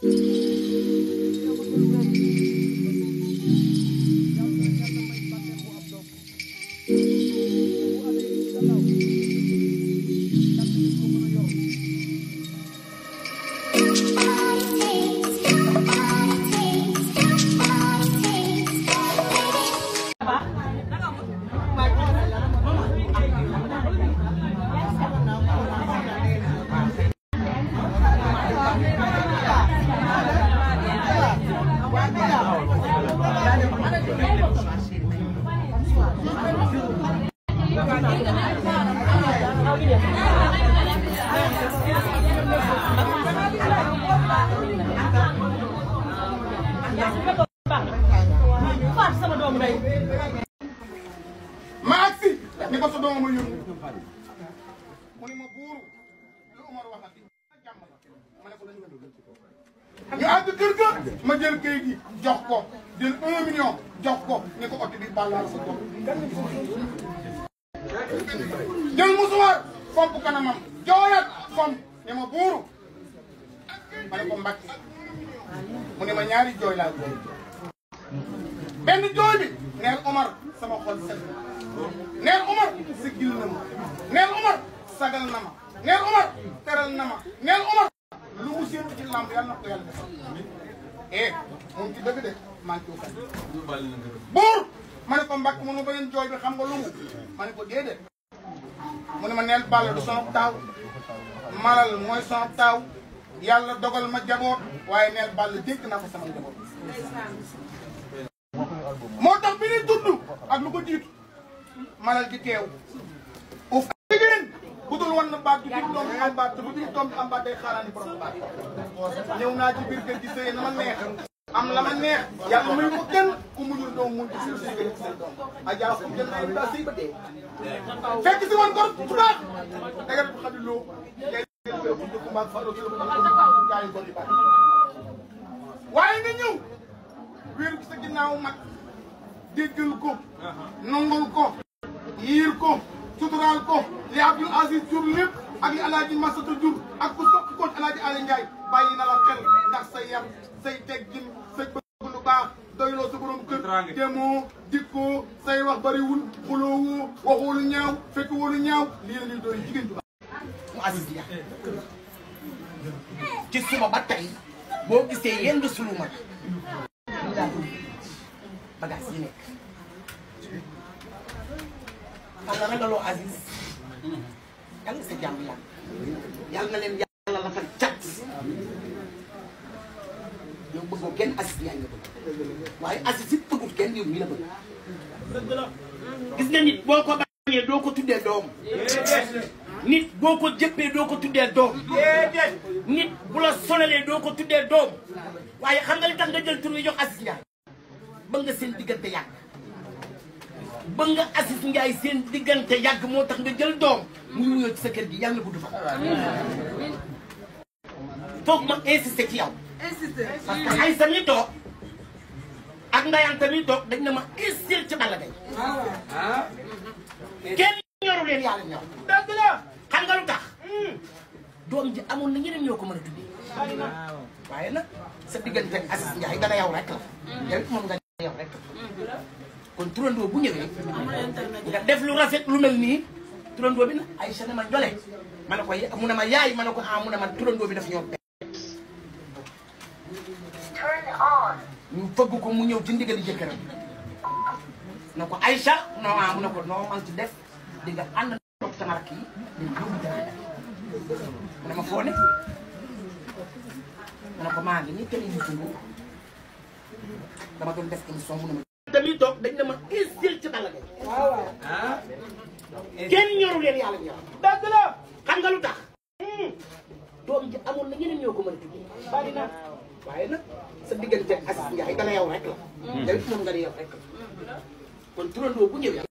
Hello. ñu àgg kër ga ma jël kayit gi jox ko jël un million ko ni ko oto bi bàllaal sa bopp jël musuwaar kanamam jooyat fomp ne ma buuru ma ne ko mbàkk mu ne ma ñaari jooy benn jooy bi neel Omar sama xol set neel Omar siggil na ma neel Omar sagal na ma neel Omar teral na ma neel Omar seen maam yàlla na ko yàlla defal eh moom ci dëgg de maa ngi ma ko mbàkk mu ne ba ngeen jooy bi xam ko lu mu ma ne ko déedéet. mu ne ma neel Balla du sama taaw Malal mooy sama taaw yàlla dogal ma jaboot waaye neel Balla dégg naa ko sama jaboot. moo tax bi ñuy ak lu ko jiitu Malal di teew. uf jigéen ku dul woon na mbaat du biir am mbaat bu biir doom am mbaat day xaaraani borom ci na ma neex am la ma neex yàlla may ko kenn ku mujul doom mun ci suuf si doom a jaa ko kenn ay ba sëy ba fekk si woon gor bu baax daga xadi gor ci ko ko ko suturaal ko li ya abdul Aziz jur lepp ak li alaaji masatu jur ak ko sokko ko alaaji ali Ndiaye bayina la xel ndax sa yar say teggin sey bëgg lu baax doylo su borom keur demoo dikkoo say wax bari bariwul xuloowoo waxoo lu ñaaw fekk woo lu ñaaw li la ñuy doy jigéen ju baax mu Aziz di ci suma batay bo gisee yendu sunu mag laa bagage yi nekk yàlla ragaloo Aziz yàlla sa jàmm yàlla yàlla na leen yàlla la fa cat yow bëggoo kenn Aziz yaa nga bëgg waaye Aziz it bëggul kenn yow mii la bëgg gis nga nit boo ko bañee doo ko tuddee doom nit boo ko jëppee doo ko tuddee doom nit bu la doo ko tuddee doom waaye xam nga li tax nga jël tur wi jox Aziz Ndiaye ba nga seen diggante yàgg ba nga Aziz Ndiaye seen diggante yàgg moo tax nga jël doom muy wuyoo ci sa kër gi yàlla na gudd fa foog ma insister ci yow parce que ay sami toog ak ndayaan tamit toog dañ na ma insister ci Balla Gaye ah. kenn ñoru leen yàlla la tax hmm. doom ji amoon na ñeneen ñoo ko mën a tuddee waaye nag sa diggante ak Aziz Ndiaye dana yow rek la hmm. yow it moom nga yow rek hmm. kon turandoo bu ñëwee nga def lu rafet lu mel nii turandoo bi na ay ne ma jole ma ne ko mu ne ma yaay man ne ko ah mu ne ma turandoo bi daf ñoo bett ñu fëgg ko mu ñëw ci ndigali jëkkëram na ko Aïcha non ah mu ne ko non man ci def di nga ànd ko maa ngi nii tëli ñu dama doon def émission mu ne ma dañuy toog dañ ne ma insisté ci Balla Gaye. waaw waaw. Ah. kenn ñoru leen yàlla ñor. dëgg la. xam nga lu tax. Hmm. doom ji amoon na ñeneen ñoo ko mën a tuddee. bari na waaye nag sa diggante ak Aziz Ndiaye dala yow rek la. Hmm. yow it moom nga ne yow rek la kon turandoo bu ñëw yàlla.